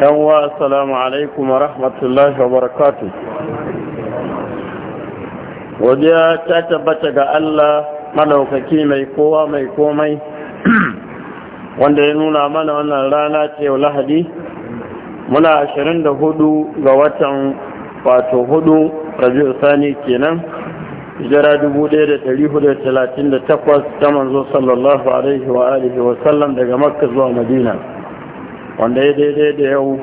yanwa assalamu alaikum wa rahmatullahi wa barakatu godiya ta tabbata ga Allah madaukaki mai kowa mai komai wanda ya nuna mana wannan rana ce lahadi muna 24 ga watan wato hudu rabi'u sani kenan hijira 1438 ta manzo sallallahu alaihi wa alihi wa sallam daga makka zuwa madina wanda ya daidai da yau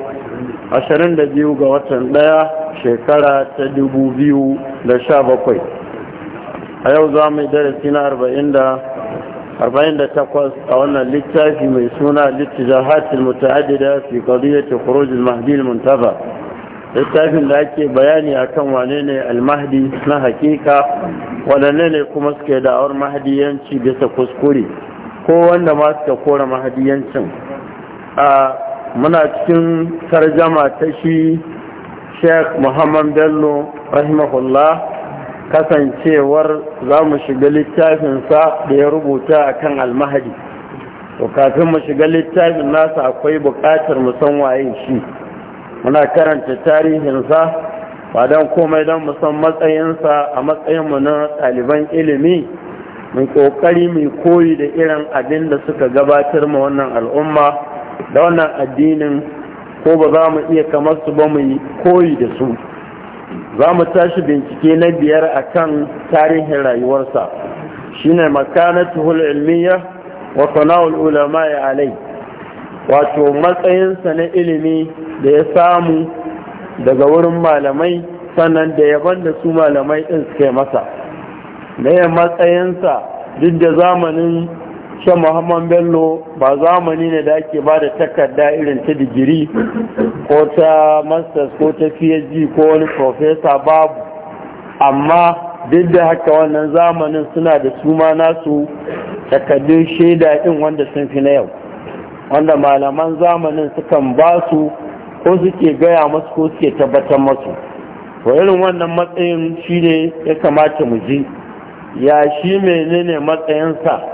22 ga watan daya shekara ta 2017 a yau za mu yi darasi na 48 a wannan littafi mai suna da muta'addida fi qadiyyati khuruj kurojin mahdi muntaba littafin da ake bayani akan wane ne al na hakika wadanne ne kuma suke da'awar mahdiyanci bisa kuskure ko wanda ma ka kora mahdiyancin a muna cikin tarjama ta shi sheikh muhammad bello rahimahullah kasancewar za mu shiga littafinsa da ya rubuta a kan almahadi to kafin mu shiga littafin nasa akwai bukatar musan waye shi muna karanta tarihinsa ba don komai don mu matsayinsa a matsayinmu na ɗaliban ilimi mai ƙoƙari mai koyi da irin abin da suka gabatar ma wannan al'umma da wannan addinin ko ba za mu iya kamar su ba mu yi koyi da su za mu tashi bincike na biyar a kan tarihin rayuwarsa Shi shine makanatu ilmiya wa sana'ul ulama alai wato matsayinsa na ilimi da ya samu daga wurin malamai sannan da yaban da su malamai ɗin suka masa na matsayinsa duk da zamanin shan muhammad bello ba zamani ne da ake ba da takarda irin ta digiri ko ta masters ko ta phd ko wani profesa babu amma duk da haka wannan zamanin suna da suma nasu takardun shaida din wanda sun fi na yau wanda malaman zamanin sukan ba su ko suke gaya masu ko suke tabbatar masu to irin wannan matsayin shi ne ya kamata mu ji ya shi menene matsayinsa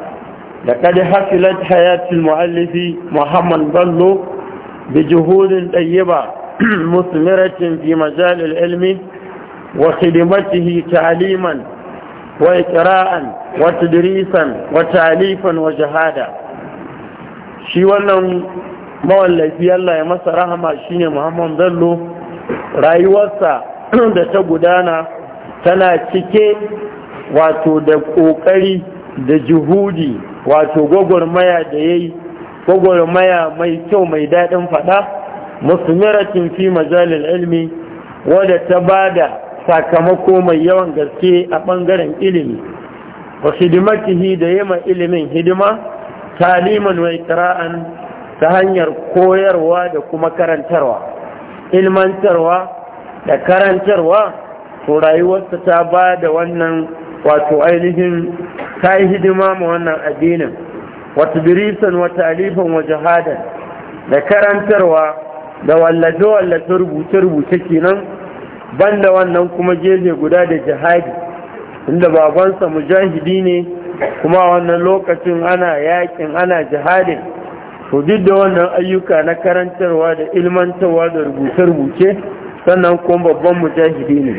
لقد حصلت حياة المؤلف محمد بلو بجهود طيبة مثمرة في مجال العلم وخدمته تعليما وإقراء وتدريسا وتعليفا وجهادا shi wannan mawallafi Allah ya masa rahama shine Muhammad Bello rayuwarsa da ta gudana tana cike wato da ƙoƙari da juhudi wato gwagwarmaya da yayi gogor maya mai kyau mai daɗin faɗa musmiratin fi majalil ilmi wadda ta ba da sakamako mai yawan gaske a ɓangaren ilimi wa hidimatihi da yima ilimin hidima taliman wa ikra'an ta hanyar koyarwa da kuma karantarwa ilmantarwa da karantarwa to rayuwarsa ta ba da wannan wato ainihin ta yi hidima ma wannan addinin wata birisan wata alifan wa jihadan da karantarwa da wallafe-wallafe rubuce-rubuce kenan banda wannan kuma gefe guda da jihadi inda babansa mujahidi ne kuma wannan lokacin ana yakin ana jihadin to duk da wannan ayyuka na karantarwa da ilmantarwa da rubuce-rubuce sannan kuma babban mujahidi ne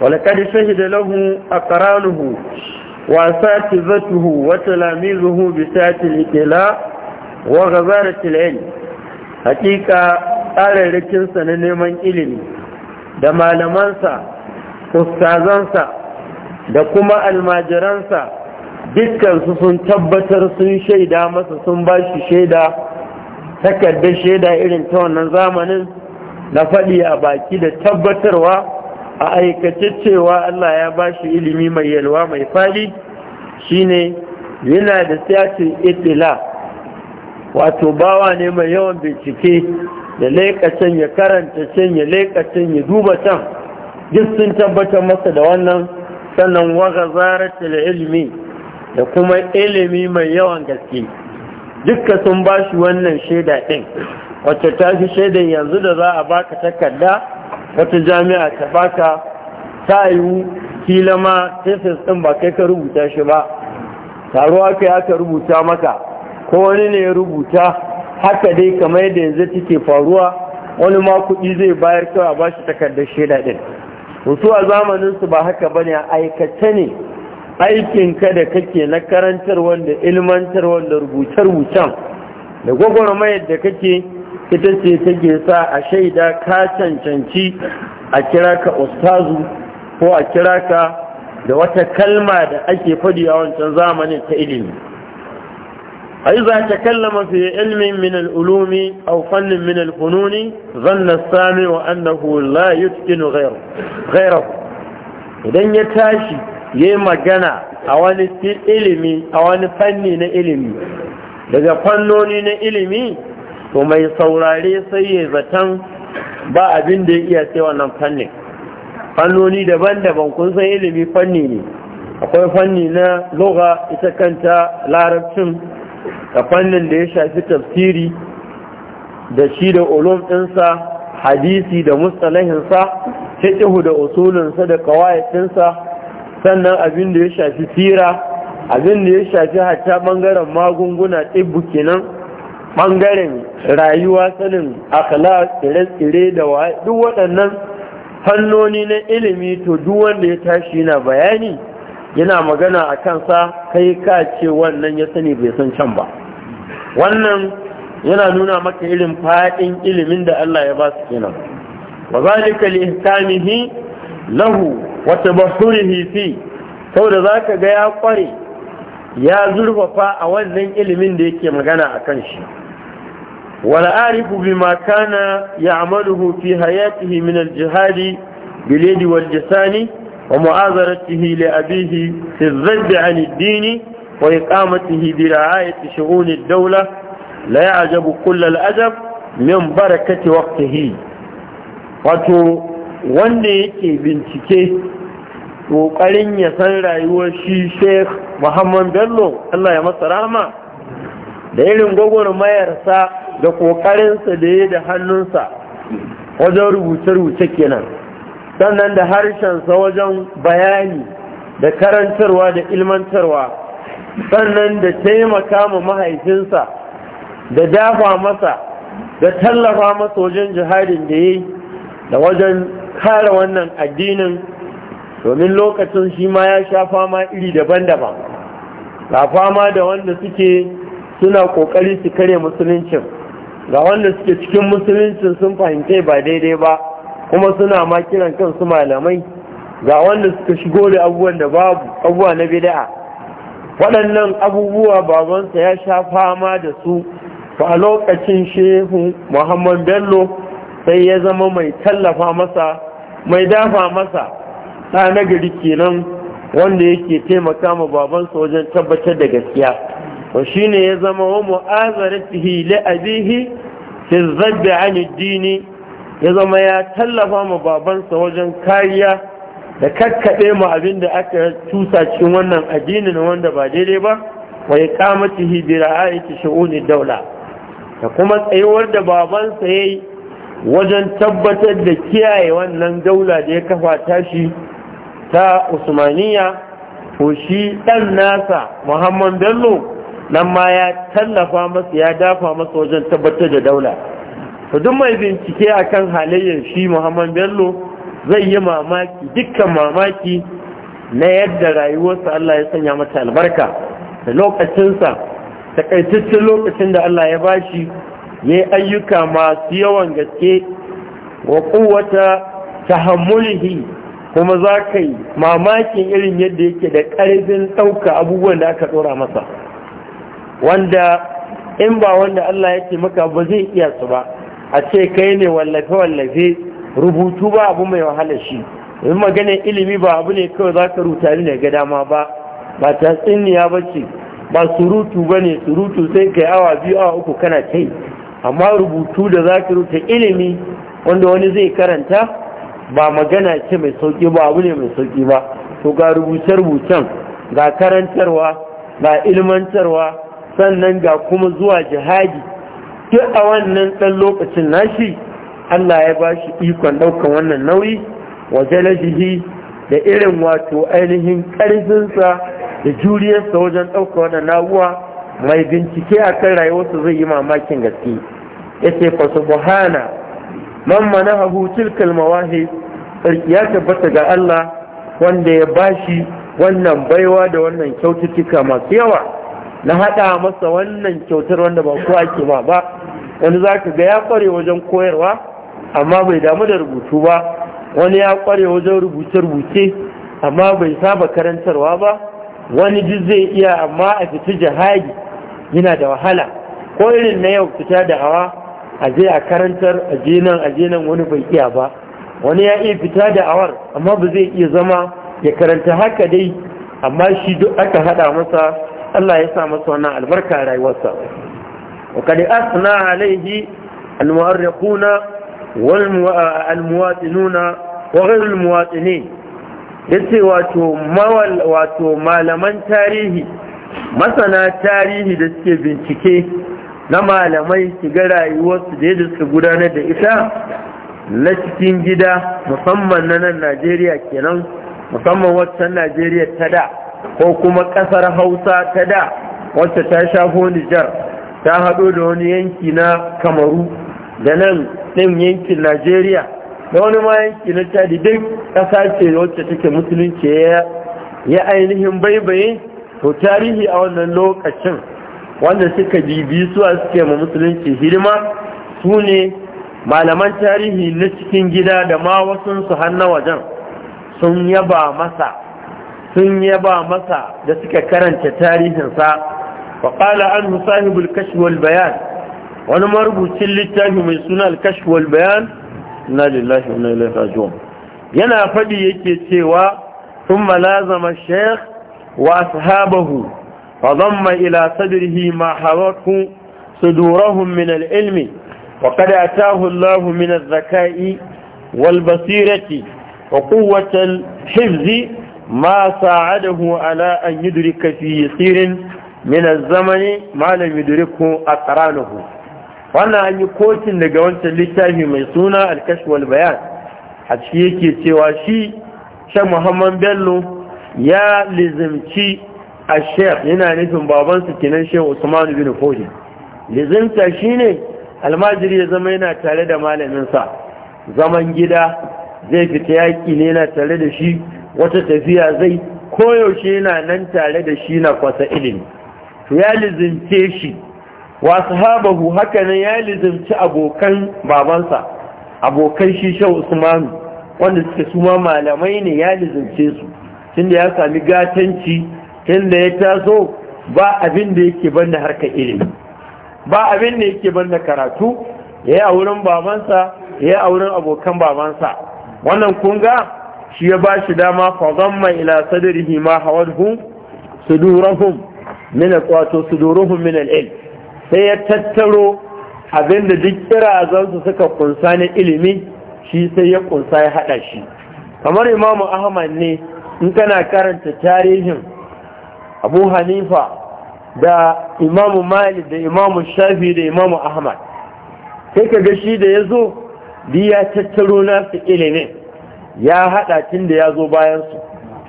ولقد شهد له أقرانه وأساتذته وتلاميذه بساعة الإتلاء وغزارة العلم حقيقة قال لكن سننمن إلمي da malamansa ustazansa da kuma almajiransa dukkansu sun tabbatar sun shaida masa sun ba shi shaida takardar shaida irin ta wannan zamanin na faɗi a baki da tabbatarwa a aikace cewa Allah ya ba shi ilimi mai yalwa mai fali shine yana da siyasin itila wato bawa ne mai yawan bincike da laikacin ya karanta can ya laikacin ya duba can duk sun tabbatar masa da wannan sannan waga zarar da ilimi da kuma ilimi mai yawan gaske dukka sun ba shi wannan shaida ɗin wacce ta fi shaidan yanzu da za a baka takarda wata jami'a ta baka ta yiwu kila ma thesis ɗin ba kai ka rubuta shi ba taruwa kai aka rubuta maka ko wani ne ya rubuta haka dai kamar yadda yanzu take faruwa wani ma kuɗi zai bayar kawai ba shi takardar shaida ɗin wasu a zamaninsu ba haka ba bane a aikace ne aikin ka da kake na karantar wanda ilmantar wanda rubuce-rubucen da gwagwarmayar da kake ita ce take sa a shaida ka cancanci a kira ka ustazu ko a kira ka da wata kalma da ake faɗi a wancan zamanin ta ilimi ai za ta kallama fi ilmin min al'ulumi a fannin min al zanna sami wa annahu la yutkinu ghayrahu idan ya tashi yayi magana a wani ilimi a wani fanni na ilimi daga fannoni na ilimi to mai saurare sai ya zaton ba abin da ya iya sai wannan fannin fannoni daban-daban kun san ilimi fanni ne akwai fanni na loga ita kanta larabcin da fannin da ya shafi tafsiri da shi da olum ɗinsa hadisi da mustalahinsa ihu da usulunsa da kawaitinsa sannan abin da ya shafi sira abin da ya shafi hatta bangaren magunguna tibbu kenan bangaren rayuwa sanin akhlaq tsire-tsire da wa duk waɗannan fannoni na ilimi to duk wanda ya tashi yana bayani yana magana a kansa kai ka ce wannan ya sani bai san can ba wannan yana nuna maka irin faɗin ilimin da Allah ya ba su kenan wa zalika li kamihi, lahu wa tabassurihi fi saboda zaka ga ya kware ya zurfafa a wannan ilimin da yake magana akan shi wala arifu bima kana ya'maluhu fi hayatihi min al-jihad bil yadi wal lisani wa mu'azaratihi li abihi fi zadd 'an ad-din wa iqamatihi bi ra'ayati shu'un ad-dawla la ya'jabu kull al-ajab min barakati waqtihi wato wanda yake bincike ƙoƙarin ya san rayuwar shi sheikh muhammad bello allah ya masa rahama da irin gwagwarmayarsa da ƙoƙarinsa da ya da hannunsa wajen rubuce-rubuce kenan sannan da harshensa wajen bayani da karantarwa da ilmantarwa sannan da taimaka ma mahaifinsa da dafa masa da tallafa masa wajen jihadin da ya yi da wajen kare wannan addinin domin lokacin shi ma ya sha fama iri daban-daban ba fama da wanda suke suna kokari su kare musuluncin ga wanda suke cikin musulunci sun fahimce ba daidai ba kuma suna ma kiran kansu malamai ga wanda suka shigo da abubuwan da babu abubuwa na bida'a waɗannan abubuwa babansa ya sha fama da su a lokacin shehu muhammad bello sai ya zama mai tallafa masa mai dafa masa ɗa nagari kenan wanda yake taimaka ma babansa wajen tabbatar da gaskiya to shine ya zama wa mu'azaratihi li abihi fi zabbi an addini ya zama ya tallafa ma babansa wajen kariya da kakkaɗe mu abin da aka tusa cikin wannan addinin wanda ba daidai ba wa iqamatihi bi ra'ayati shu'uni daula da kuma tsayuwar da babansa yayi wajen tabbatar da kiyaye wannan daula da ya kafa tashi ta Usmaniyya, ko shi dan nasa Muhammad Bello nan ma ya tallafa masa ya dafa masa wajen tabbatar da daula to duk mai bincike akan halayyar shi muhammad bello zai yi mamaki dukkan mamaki na yadda rayuwarsa allah ya sanya mata albarka da lokacinsa takaitaccen lokacin da allah ya bashi ya ayyuka masu yawan gaske wa kuwata tahammulihi kuma za mamakin irin yadda yake da ƙarfin ɗauka abubuwan da aka tsora masa wanda in ba wanda Allah ya ce maka ba zai iya su ba a ce kai ne wallafe-wallafe rubutu ba abu mai wahala shi in magana ilimi ba abu ne kawai za ka ruta ni gada dama ba ba ta tsiniya ba ce ba surutu ba ne surutu sai kai awa biyu awa uku kana kai amma rubutu da za ka ruta ilimi wanda wani zai karanta ba magana ce mai sauki ba abu ne mai sauki ba to ga rubuce-rubucen ga karantarwa ga ilmantarwa sannan ga kuma zuwa jihadi duk a wannan ɗan lokacin nashi Allah ya ba shi ikon ɗaukan wannan nauyi wa jalajihi da irin wato ainihin ƙarfinsa da juriyarsa wajen ɗauka wannan na'uwa mai bincike a kan rayuwarsa zai yi mamakin gaske ya ce fa subhana man manahu tilkal ya tabbata ga Allah wanda ya bashi wannan baiwa da wannan kyaututtuka masu yawa na haɗa masa wannan kyautar wanda ba kowa ke ma ba wani za ka ga ya kware wajen koyarwa amma bai damu da rubutu ba wani ya kware wajen rubuce-rubuce amma bai saba karantarwa ba wani duk zai iya amma a fita jihadi yana da wahala ko irin na yau fita da hawa a je a karantar a je nan a je nan wani bai iya ba wani ya iya fita da awar amma ba zai iya zama ya karanta haka dai amma shi duk aka haɗa masa Allah ya sa masa wannan albarka a rayuwarsa wakali asna alaihi almu'arriquna wal almuwatinuna wa ghayr almuwatinin yace wato mawal wato malaman tarihi masana tarihi da suke bincike na malamai su ga rayuwarsu da yadda suka gudanar da ita na cikin gida musamman na nan Najeriya kenan musamman waccan Najeriya ta da ko kuma kasar hausa ta da wacce ta shafo nijar ta haɗo da wani yanki na kamaru da nan ɗin yankin najeriya da wani ma yanki na chadi ƙasa ce wacce take musulunci ya ainihin baibaye to tarihi a wannan lokacin wanda suka bibi suwa suke ma musulunci hidima su ne malaman tarihi na cikin gida da ma wasunsu har na wajen sun yaba masa sun yaba masa da suka karanta tarihinsa wa qala an sahibul kashf bayan wani marubucin littafi mai suna al bayan inna lillahi wa inna ilaihi yana faɗi yake cewa sun malazama shaykh wa ashabahu fa dhamma ila sadrihi ma hawatu sudurahum min al-ilmi وقد أتاه Zaka'i من Basirati والبصيرة وقوة الحفظ ma sa'adahu ala an yudrika fi yasirin min az-zamani ma lam a aqranuhu wannan an yi kotin daga wancan littafi mai suna al wal bayan a ciki yake cewa shi shan muhammad bello ya lizimci a sheikh yana nufin babansa kenan sheikh usman bin fodi lizimta shi ne almajiri ya zama yana tare da malaminsa zaman gida zai fita yaƙi ne yana tare da shi wata tafiya zai koyaushe yana nan tare da shi na kwasa ilimi to ya lizince shi wa sahabahu haka nan ya lizince abokan babansa abokan shi Usman, usmanu wanda suke suma malamai ne ya lizince su tunda ya sami gatanci tunda ya taso ba abin da yake banda harkar ilimi ba abin da yake banda karatu ya yi a wurin babansa ya yi a wurin abokan babansa wannan kunga shi ya ba shi dama fadamma ila sadrihi ma hawadhu sudurahum min wato suduruhum min al-ilm sai ya tattaro abinda duk kirazansu suka kunsa na ilimi shi sai ya kunsa ya hada shi kamar imamu ahmad ne in kana karanta tarihin abu hanifa da imamu malik da imamu shafi da imamu ahmad sai ka ga shi da ya biya tattaro nasu ilimin ya haɗa tun da ya zo bayansu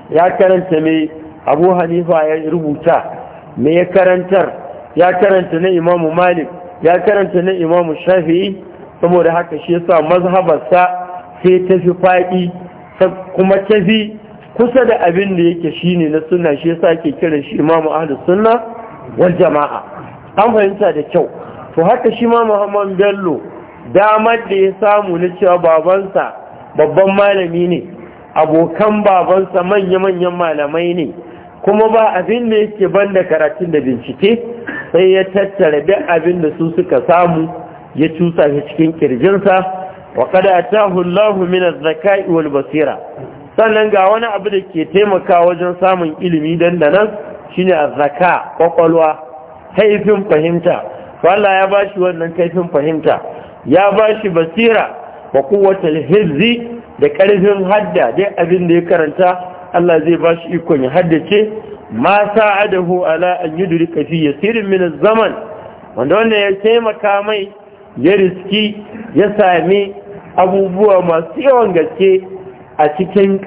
ya karanta mai abu hanifa ya rubuta mai ya karantar ya karanta na imamu malik ya karanta na imamu shafi'i saboda haka shi yasa mazhabarsa sai ta fi faɗi kuma ta fi kusa da abin da yake ne na suna shi yasa ake kiran shi imamu ahlus sunna wal jama'a an fahimta da kyau to haka shi ma muhammad bello damar da ya samu na cewa babansa babban malami ne abokan babansa manya-manyan malamai ne kuma ba abin da yake banda karatun da bincike sai ya tattara duk abin da su suka samu ya cusa shi cikin kirjinsa wa kada atahu Allahu min az-zaka'i wal basira sannan ga wani abu da ke taimaka wajen samun ilimi dandanan shine az-zaka kwakwalwa kaifin fahimta Allah ya bashi wannan kaifin fahimta ya bashi basira wa kowace hizzi da karfin hadda dai abin da ya karanta Allah zai ba shi ikon ya haddace ma sa'adahu ala an yi kafi ya yasirin min zaman wanda wanda ya taimaka mai ya riski ya sami abubuwa masu yawan gaske a cikin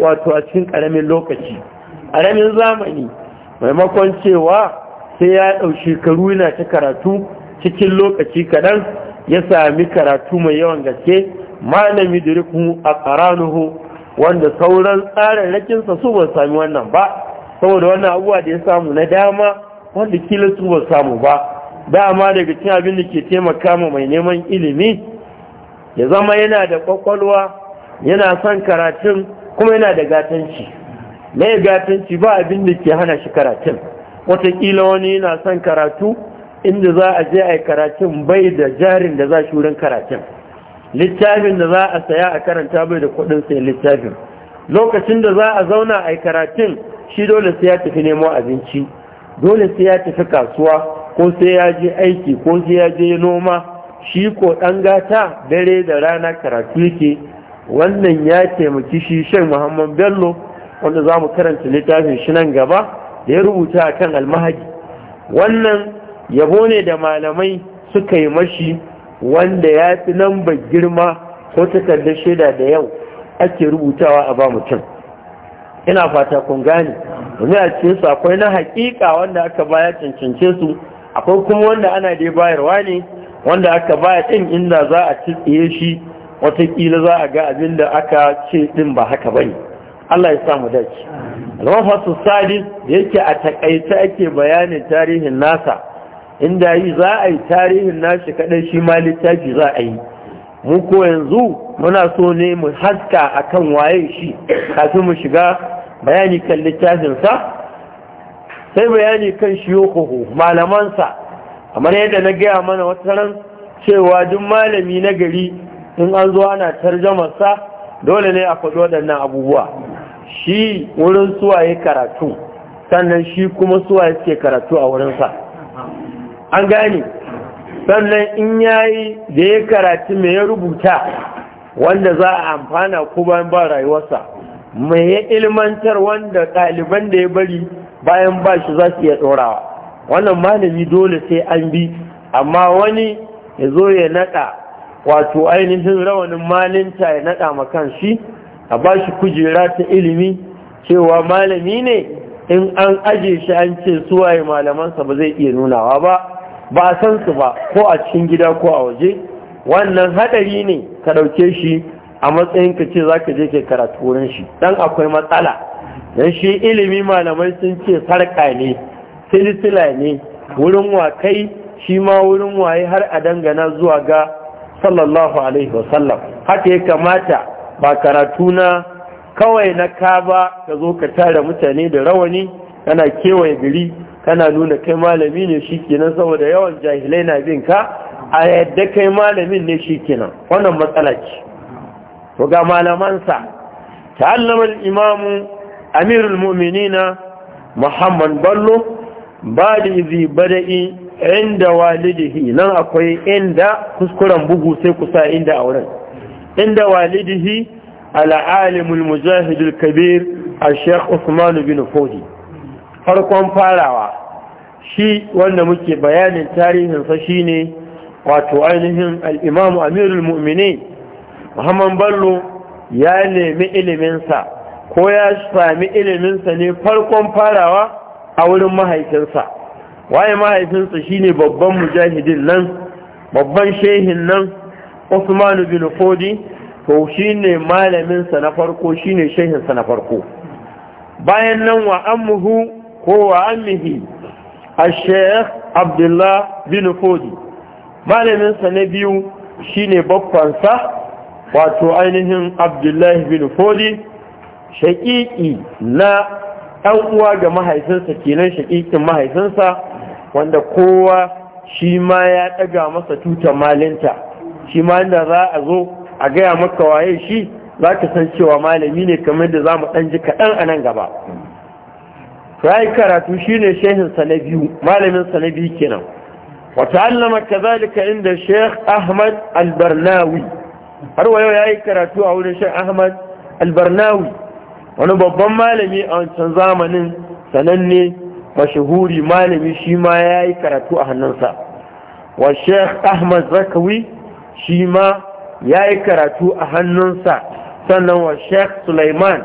wato a cikin ƙaramin lokaci ƙaramin zamani maimakon cewa sai ya ɗau shekaru yana ta karatu cikin lokaci kaɗan ya sami karatu mai yawan gaske malami da duriku a ƙaranuhu wanda sauran tsarin rakinsa su ba sami wannan ba saboda wannan abuwa da ya samu na dama wanda kila su ba samu ba dama daga cin abin da ke taimaka ma mai neman ilimi ya zama yana da kwakwalwa yana son karatun kuma yana da gatanci mai gatanci ba abin da ke hana shi karatun wataƙila wani yana son karatu inda za a je a yi karatun bai da jarin da za shi wurin karatun littafin da za a saya a karanta bai da kudin sai littafin lokacin da za a zauna a yi karatun shi dole sai ya tafi nemo abinci dole sai ya tafi kasuwa ko sai ya je aiki ko sai ya je noma shi ko ɗan gata dare da rana karatu yake wannan ya taimaki shi shan muhammad bello wanda za mu karanta littafin shi nan gaba da ya rubuta a kan almahadi wannan yabo ne da malamai suka yi mashi wanda ya fi nan ba girma ko takardar shaida da yau ake rubutawa a ba mutum ina fata kun gane domin a cikin su akwai na hakika wanda aka baya cancance su akwai kuma wanda ana dai bayarwa ne wanda aka baya din inda za a tsitsiye shi watakila za a ga abin da aka ce din ba haka bane Allah ya sa mu dace al-wafasu sadis da yake a takaice ake bayanin tarihin nasa inda yi za a yi tarihin nashi kaɗai shi ma littafi za a yi mu ko yanzu muna so ne mu haska akan waye shi kafin mu shiga bayani kan littafin sa sai bayani kan malaman malamansa kamar yadda na gaya mana wata ran cewa duk malami na gari in an zo ana sa, dole ne a faɗo waɗannan abubuwa shi wurin suwaye karatu sannan shi kuma suwaye suke karatu a wurinsa an gane sannan in yayi da ya karatu mai ya rubuta wanda za a amfana kuma bayan ba rayuwarsa mai ya ilmantar wanda ɗaliban da ya bari bayan ba shi za su iya ɗorawa wannan malami dole sai an bi amma wani ya zo ya naɗa wato ainihin rawanin malinta ya naɗa makan shi a ba shi kujera ta ilimi cewa malami ne in an aje shi an ce suwaye malamansa ba zai iya nunawa ba ba a san su ba ko a cikin gida ko a waje wannan hadari ne ka ɗauke shi a matsayin ka ce za ka je ka karatu wurin shi dan akwai matsala dan shi ilimi malamai sun ce sarƙa ne silsila ne wurin kai shi ma wurin waye har a dangana zuwa ga sallallahu alaihi wasallam haka ya kamata ba karatu na kawai na ka ba ka zo ka tara mutane da rawani kana kewaye gari kana nuna kai malami ne shi kenan saboda yawan jahilai na bin ka a yadda kai malamin ne shi kenan wannan matsala ce to ga malamansa ta'allama al-imamu amirul mu'minina muhammad ballo ba da izi bada'i inda walidihi nan akwai inda kuskuren bugu sai kusa inda a inda walidihi al'alimul mujahidul kabir a sheikh usman bin fodi farkon farawa shi wanda muke bayanin tarihinsa shine wato ainihin al'imamu amirul mu’amini Muhammadu ballo ya nemi iliminsa ko ya sami iliminsa ne farkon farawa a wurin mahaifinsa waye mahaifinsa shine babban mujahidin nan babban shehin nan usmanu bin fodi to shine malaminsa na farko Shi shine shehinsa na farko bayan nan wa ammuhu Kowa wa ammihi al-sheikh bin fodi malamin na biyu shine baffansa, wato ainihin Abdullahi bin fodi shaƙiƙi na 'yan uwa ga mahaifinsa kenan shaƙiƙin mahaifinsa wanda kowa shi ma ya ɗaga masa tutar malinta shi ma inda za a zo a gaya maka waye shi za ka san cewa malami ne kamar da za mu ɗan ji kaɗan a nan gaba ya yi karatu shi ne shehinsa na biyu malaminsa na biyu kenan wata allama kazalika inda sheikh ahmad albarnawi har wa yau ya yi karatu a wurin sheikh ahmad albarnawi wani babban malami a wancan zamanin sananne mashahuri malami shi ma ya yi karatu a hannunsa wa sheikh ahmad zakawi shi ma ya yi karatu a hannunsa sannan wa sheikh suleiman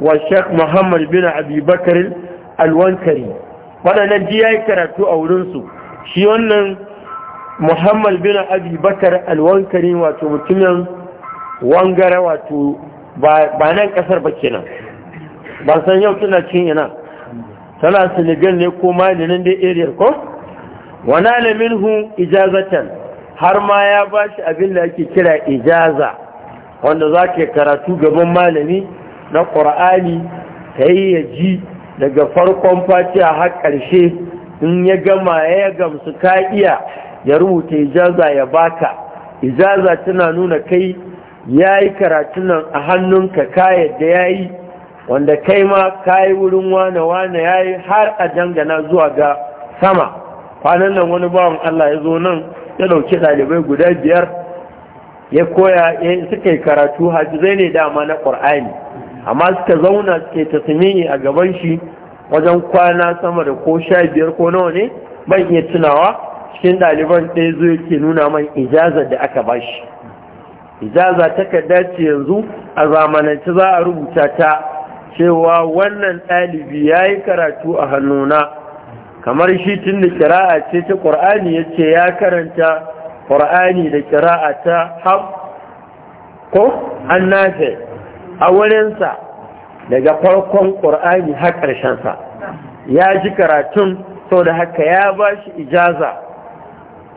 wa sheikh muhammad bin abi alwankari waɗannan ji ya yi karatu a wurinsu shi wannan muhammad bin abi bakar alwankari wato mutumin wangara wato ba nan ƙasar ba kenan ba san yau tana cin ina tana senegal ne ko mali nan dai area ko wani alamin hu ijazatan har ma ya ba shi abin da ake kira ijaza wanda za ka karatu gaban malami na ƙur'ani ta yi ya ji daga farkon a har ƙarshe in ya gama ya gamsu kaiya ya rubuta ijaza ya baka ijaza tana nuna kai ya yi karatunan a hannunka ka yadda ya yi wanda kai ma ka yi wurin wane-wane ya yi har a dangana zuwa ga sama kwanan nan wani bawan Allah ya zo nan ya ɗauki ɗalibai guda biyar ya koya suka yi karatu hajji zai ne dama na ƙur'ani amma suka zauna suke tasmini a gaban shi wajen kwana sama da ko sha biyar ko nawa ne ban iya tunawa cikin ɗaliban ɗaya zo yake nuna man ijaza da aka bashi ijaza takarda ce yanzu a zamanance za a rubuta ta cewa wannan ɗalibi ya yi karatu a hannuna kamar shi tun da kira'a ce ta ƙur'ani ya ce ya karanta ƙur'ani da kira'a ta haf ko an nafe a wurinsa daga farkon ƙur'ani har ƙarshensa ya ji karatun sau da haka ya ba shi ijaza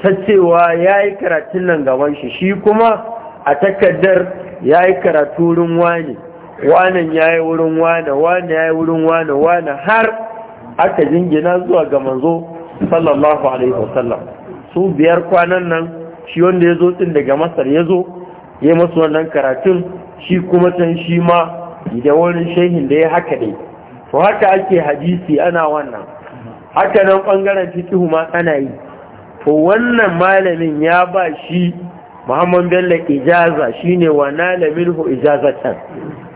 ta cewa ya yi karatun nan gaban shi shi kuma a takardar ya yi karatu wurin wani wanan ya yi wurin wani wani ya yi wurin wani wani har aka jingina zuwa ga manzo sallallahu alaihi wasallam su biyar kwanan nan shi wanda ya zo tun daga masar ya zo ya masu wannan karatun shi kuma can shi ma da wurin shehin da ya haka dai to haka ake hadisi ana wannan haka nan ɓangaren fikihu ma ana yi to wannan malamin ya ba shi muhammad bello ijaza shine wa nalamin hu ijazatan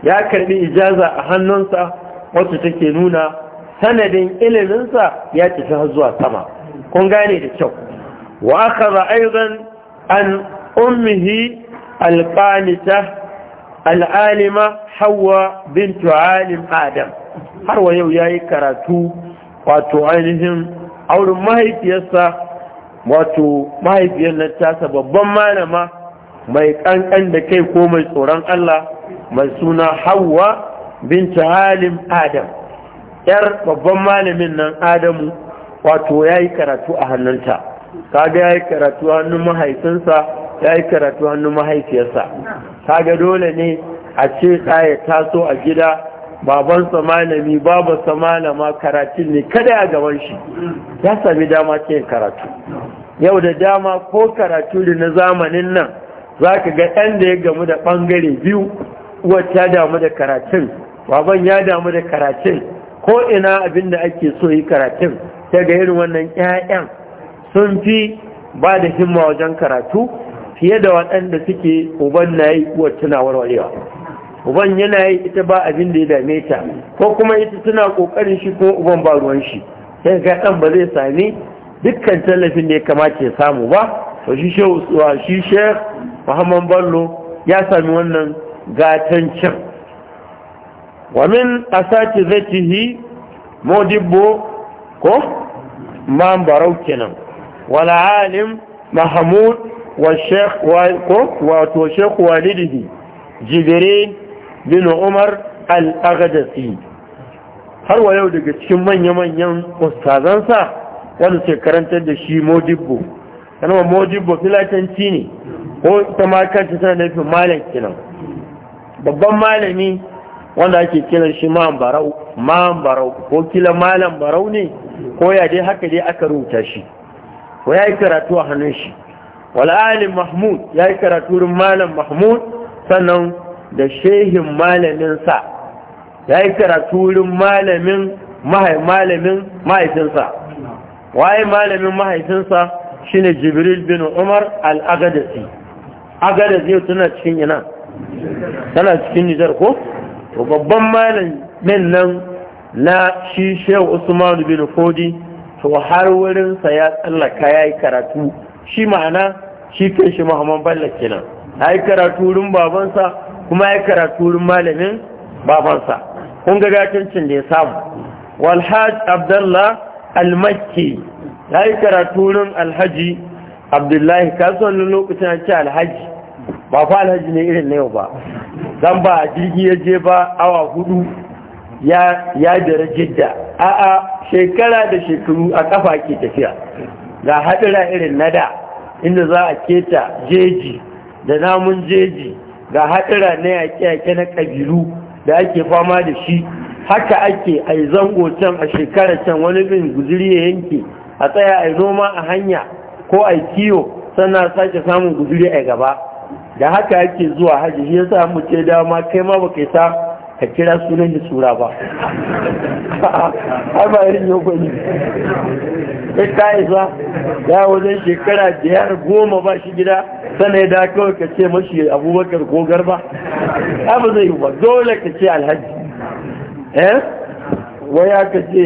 ya karbi ijaza a hannunsa wacce take nuna sanadin iliminsa ya tafi zuwa sama kun gane da kyau wa akhadha aidan an ummihi alqanita al'alima hawa bintu alim adam har wa yau ya yi karatu wato ainihin auren mahaifiyarsa wato mahaifiyar na tasa babban malama mai kankan da kai ko mai tsoron Allah mai suna hawa bintu alim adam yar babban malamin nan adamu wato ya yi karatu a hannunta kaga ya yi karatu hannun mahaifinsa ya yi karatu hannun mahaifiyarsa kaga dole ne a ce ya taso a gida babansa malami babu malama karatu ne kada a gaban shi ya sami dama ce karatu yau da dama ko karatu da na zamanin nan za ka ga ɗan da ya gamu da ɓangare biyu wata damu da karatun baban ya damu da karatun ko ina abin da ake so yi karatun ta ga irin wannan 'ya'yan sun fi ba da himma wajen karatu fiye da waɗanda suke uban na yi uwar tuna warwarewa uban yana yi ita ba abin da ya dame ta ko kuma ita tana ƙoƙarin shi ko uban ba ruwan shi sai ga ɗan ba zai sami dukkan tallafin da ya kamata ya samu ba to shi shi Bello ya sami wannan gatancin wa min asati zatihi modibbo ko mambarau kenan Wala alim mahmud wa sheikh wato sheikh walidihi jibril bin umar al-aghdasi har wa yau daga cikin manya-manyan ustazansa wanda ke karantar da shi modibbo kanama modibbo filatanci ne ko ta ma kanta tana nufin malam kinan babban malami wanda ake kiran shi ma'am barau ma'am barau ko kila malam barau ne ko ya dai haka dai aka rubuta shi ko ya yi karatu a hannun shi wal alim mahmud ya yi karaturin malam mahmud sannan da shehin malaminsa ya yi karaturin malamin malamin mahaifinsa waye malamin mahaifinsa shine jibril bin umar al-agadasi agadasi tana cikin ina tana cikin nijar ko babban malamin nan na shi shehu usman bin fodi to har wurinsa ya tsallaka ya yi karatu shi ma'ana shi kai shi muhammad bello kenan ya yi karatu wurin babansa kuma ya yi karatu wurin malamin babansa kun ga gatancin da ya samu walhaj abdallah almakki ya yi karatu wurin alhaji abdullahi kasuwannin lokacin an ce alhaji ba fa alhaji ne irin na ba zan ba jirgi ya je ba awa hudu ya dare jidda a'a shekara da shekaru a kafa ke tafiya ga haɗura irin na da inda za a keta jeji da namun jeji ga haɗura na yaƙe-yaƙe na ƙabilu da ake fama da shi haka ake a yi zango can a shekara can wani bin guziri ya yanke a tsaya a yi noma a hanya ko a yi kiyo sannan a sake samun guziri a gaba da haka ake zuwa hajji shi ya sa mu ce dama kai ma kai sa ka kira sunan da tsura ba har ba yin yau gani ya ta isa ya wajen shekara biyar goma ba shi gida sanai da kawai ka ce mashi abubakar ko garba abu zai yi ba dole ka ce alhaji eh waya ka ce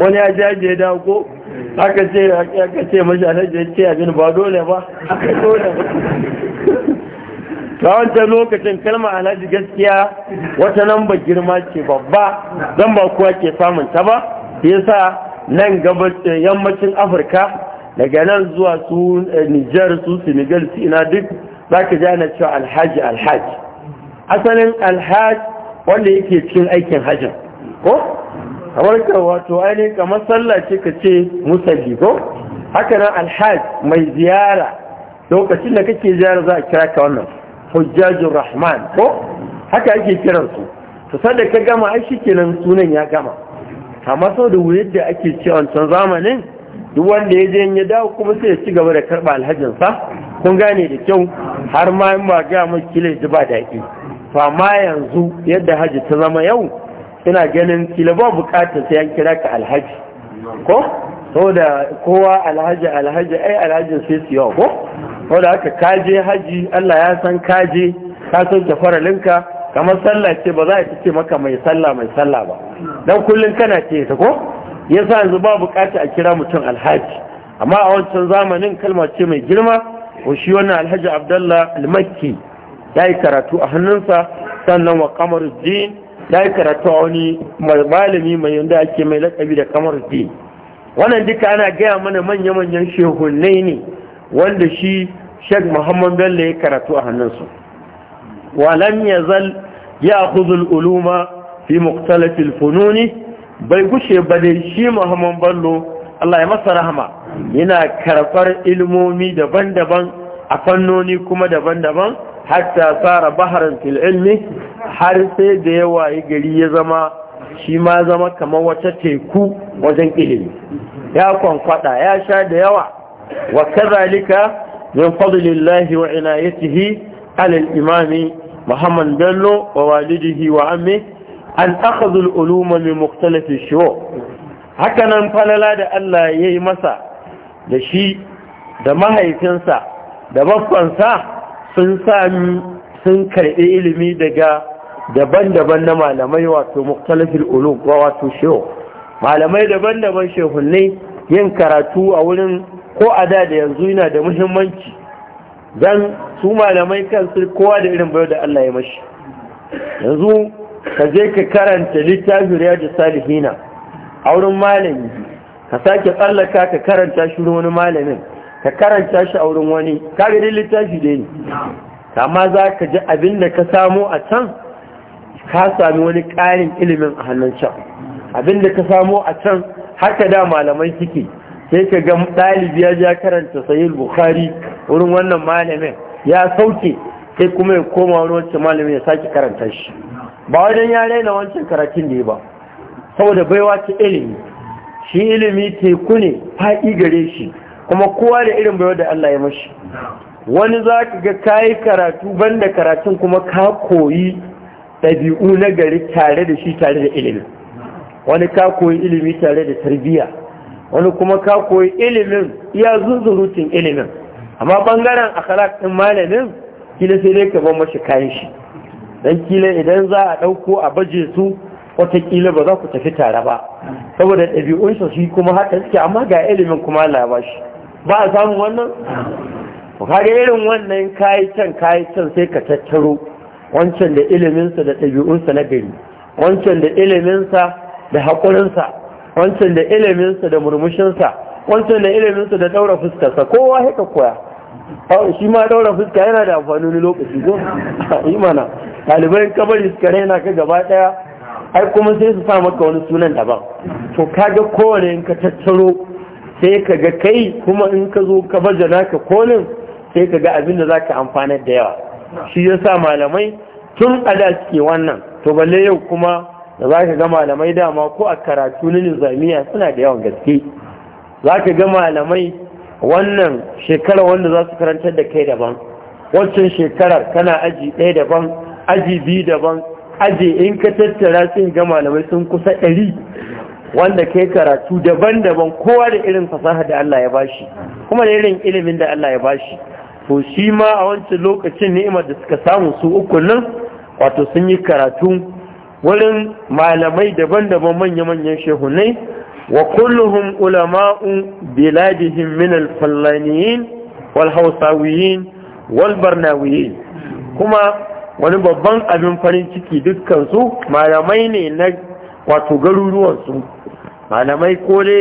wani ya jaje da ko aka ce aka ce mashi alhaji ya ce abin ba dole ba dole ba ta wancan lokacin kalma alhaji gaskiya wata nan ba girma ce babba don ba kuwa ke samun ta ba yasa nan eh, yammacin afirka daga nan zuwa su eh, nijar su senegal su ina duk za ka ja na cewa alhaji alhaji asalin alhaji wanda yake cikin aikin hajji ko kamar ka wato ainihin kamar sallah ce ka ce musalli ko haka nan alhaji mai ziyara lokacin da kake ziyara za a kira ka wannan hujjajin rahman ko haka ake kiransu to da ka gama ai kenan sunan ya gama amma sau da wuyar da ake cewa wancan zamanin duk wanda ya je ya dawo kuma sai ya ci gaba da karɓa alhajinsa kun gane da kyau har ma in ba ga mai kila ji ba daɗi to amma yanzu yadda haji ta zama yau ina ganin kila ba bukatar sai an kira ka alhaji ko da kowa alhaji alhaji ai alhajin sai su yawa ko wadda aka kaje haji Allah ya san kaje ka sauke faralinka kamar sallah ce ba za a ce maka mai sallah mai sallah ba dan kullun kana ce ta ko yasa yanzu ba bukata a kira mutum alhaji amma a wancan zamanin kalma ce mai girma ko shi wannan alhaji abdallah almakki ya yi karatu a hannunsa sannan wa kamaruddin ya yi karatu a wani malami mai yanda ake mai lakabi da kamaruddin wannan duka ana gaya mana manya-manyan shehunnai ne wanda shi Sheikh Muhammad Bello ya karatu a hannunsu walam yazal ya al-uluma fi mukhtalif al-fununi bai gushe ba dai shi Muhammad Bello Allah ya masa rahama yana karfar ilmomi daban-daban a fannoni kuma daban-daban hatta tsara baharin fil ilmi har sai da yawa gari ya zama shi ma zama kamar wata teku wajen ilimi ya kwankwada ya sha da yawa wa kazalika min fadlillahi wa inayatihi ala al-imam Muhammad Bello wa walidihi wa ammi an akhadhu al-uluma min mukhtalif ash-shuru hakanan falala da Allah yayi masa da shi da mahaifinsa da babbansa sun sami sun karɓi ilimi daga daban-daban na malamai wato muktalafil ulum wato shehu malamai daban-daban shehunne yin karatu a wurin ko a da da yanzu yana da muhimmanci don su malamai kansu kowa da irin bayo da Allah ya mashi yanzu ka je ka karanta littafin riyadu salihina a wurin malami ka sake tsallaka ka karanta shi wani malamin ka karanta shi a wurin wani ka gani littafi da ne amma za ka ji abin da ka samo a can ka sami wani ƙarin ilimin a hannun can abin da ka samo a can haka da malamai suke sai ka ga ɗalibi ya ja karanta sahih bukhari wurin wannan malamin ya sauke sai kuma ya koma wani wancan malamin ya sake karanta shi ba wajen ya raina wancan karatun da ya ba saboda baiwa ta ilimi shi ilimi teku ne faɗi gare shi kuma kowa da irin baiwa da Allah ya mashi wani za ka ga kayi karatu banda karatun kuma ka koyi ɗabi'u na gari tare da shi tare da ilimi wani ka koyi ilimi tare da tarbiyya wani kuma ka koyi ilimin iya zuzurutun ilimin amma bangaren akhlaq din malamin kila sai dai ka bar mashi kayan shi dan kila idan za a dauko a baje su watakila ba za ku tafi tare ba saboda ɗabi'unsa shi kuma haka suke amma ga ilimin kuma Allah ba shi ba a samu wannan kaga irin wannan kayi can kayi can sai ka tattaro wancan da iliminsa da ɗabi'unsa na gari wancan da iliminsa da haƙurinsa wancan da iliminsa da murmushinsa wancan da iliminsa da daura fuskarsa kowa haka koya shi ma daura fuska yana da amfani ne lokaci ko yi mana ɗalibai kamar suka raina ka gaba ɗaya ai kuma sai su sa maka wani sunan daban to kaga kowane in ka tattaro sai ka ga kai kuma in ka zo ka baje naka kolin sai ka ga abin da zaka amfana da yawa shi yasa malamai tun a da suke wannan to balle yau kuma da za ka ga malamai dama ko a karatu na nizamiya suna da yawan gaske za ka ga malamai wannan shekarar wanda za su karantar da kai daban wancan shekarar kana aji ɗaya daban aji biyu daban aji in ka tattara sun ga malamai sun kusa ɗari wanda kai karatu daban-daban kowa da irin fasaha da Allah ya bashi kuma da irin ilimin da Allah ya bashi to shi ma a wancan lokacin ni'imar da suka samu su uku nan wato sun yi karatu wurin malamai daban-daban manya-manyan shehunai wa kulluhum ulama'u biladihim min al-fallaniyin wal hausawiyin wal barnawiyin kuma wani babban abin farin ciki dukkan su malamai ne na wato garuruwan su malamai kole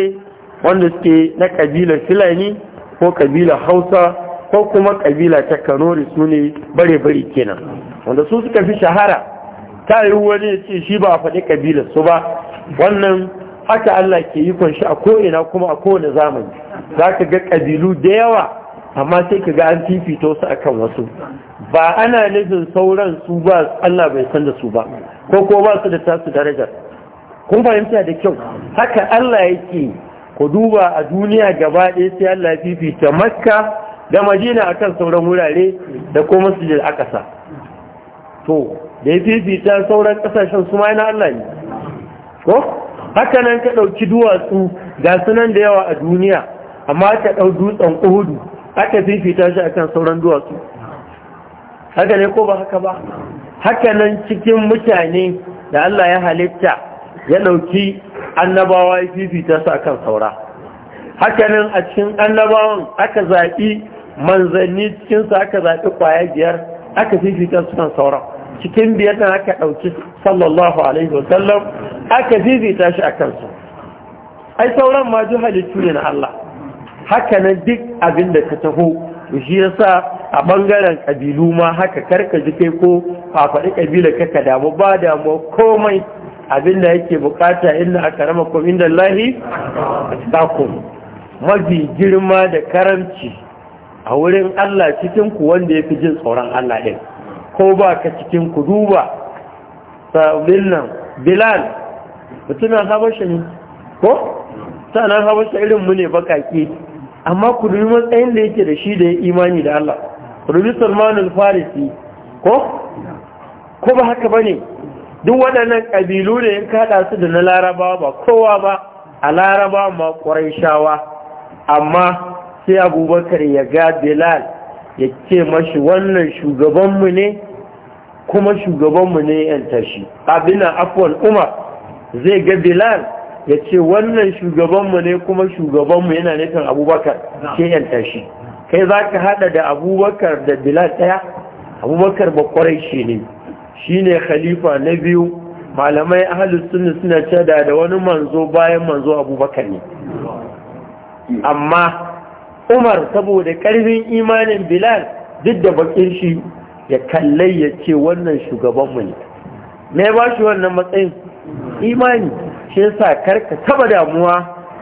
wanda suke na kabilar filani ko kabilar hausa ko kuma kabila ta kanori su ne bare-bare kenan wanda su suka fi shahara ta yi wani ya ce shi ba a faɗi ƙabilar su ba wannan haka Allah ke yi kunshi a ko'ina kuma a kowane zamani za ka ga ƙabilu da yawa amma sai ka ga an fifito su a kan wasu ba ana nufin sauran su ba Allah bai san da su ba ko ko ba su da tasu darajar kun fahimta da kyau haka Allah yake ku duba a duniya gaba ɗaya sai Allah ya fifita makka da madina akan sauran wurare da kuma masjidil akasa to da ya fifita sauran kasashen su ma yana Allah ne ko haka nan ka ɗauki duwatsu ga sunan da yawa a duniya amma ka ɗau dutsen uhudu aka fifita shi akan sauran duwatsu haka ne ko ba haka ba haka nan cikin mutane da Allah ya halitta ya ɗauki annabawa ya fifita su akan saura haka nan a cikin annabawan aka zaɓi manzanni cikinsu aka zaɓi ƙwaya biyar aka fifita su kan sauran cikin biyar da aka ɗauki sallallahu alaihi wasallam aka zizita shi a kansu ai sauran ma ji halittu ne na Allah haka nan duk abin da ka taho shi sa a ɓangaren ƙabilu ma haka karka ji kai ko a faɗi ƙabila ka ka damu ba damu komai abin da yake bukata inda a karama kom, inda lahi a mafi girma da karamci a wurin Allah cikinku wanda ya fi jin tsoron Allah ɗin ko ba ka cikin ku duba sabbin nan bilal mutumin habasha ne ko sanan habasha irin mu ne bakaki amma ku dubi matsayin da yake da shi da ya imani da Allah rubi salmanul farisi ko ko ba haka bane duk waɗannan ƙabilu ne in kaɗa su da na larabawa ba kowa ba a larabawa ma ƙwarai shawa amma sai abubakar ya ga bilal ya ce mashi wannan shugabanmu ne kuma shugabanmu ne ya tashi. abinan afwan umar zai ga bilal ya ce wannan shugabanmu ne kuma shugabanmu yana nufin abubakar ke yanta tashi kai za ka hada da abubakar da bilal ɗaya abubakar bakwarai shi ne shi ne khalifa na biyu malamai ahalussun suna cada da wani manzo bayan manzo abubakar ne amma umar saboda ƙarfin imanin bilal duk da bakin shi ya kallai ya ce wannan shugabanmu ne me ba shi wannan matsayin imani shi yasa karka taba damuwa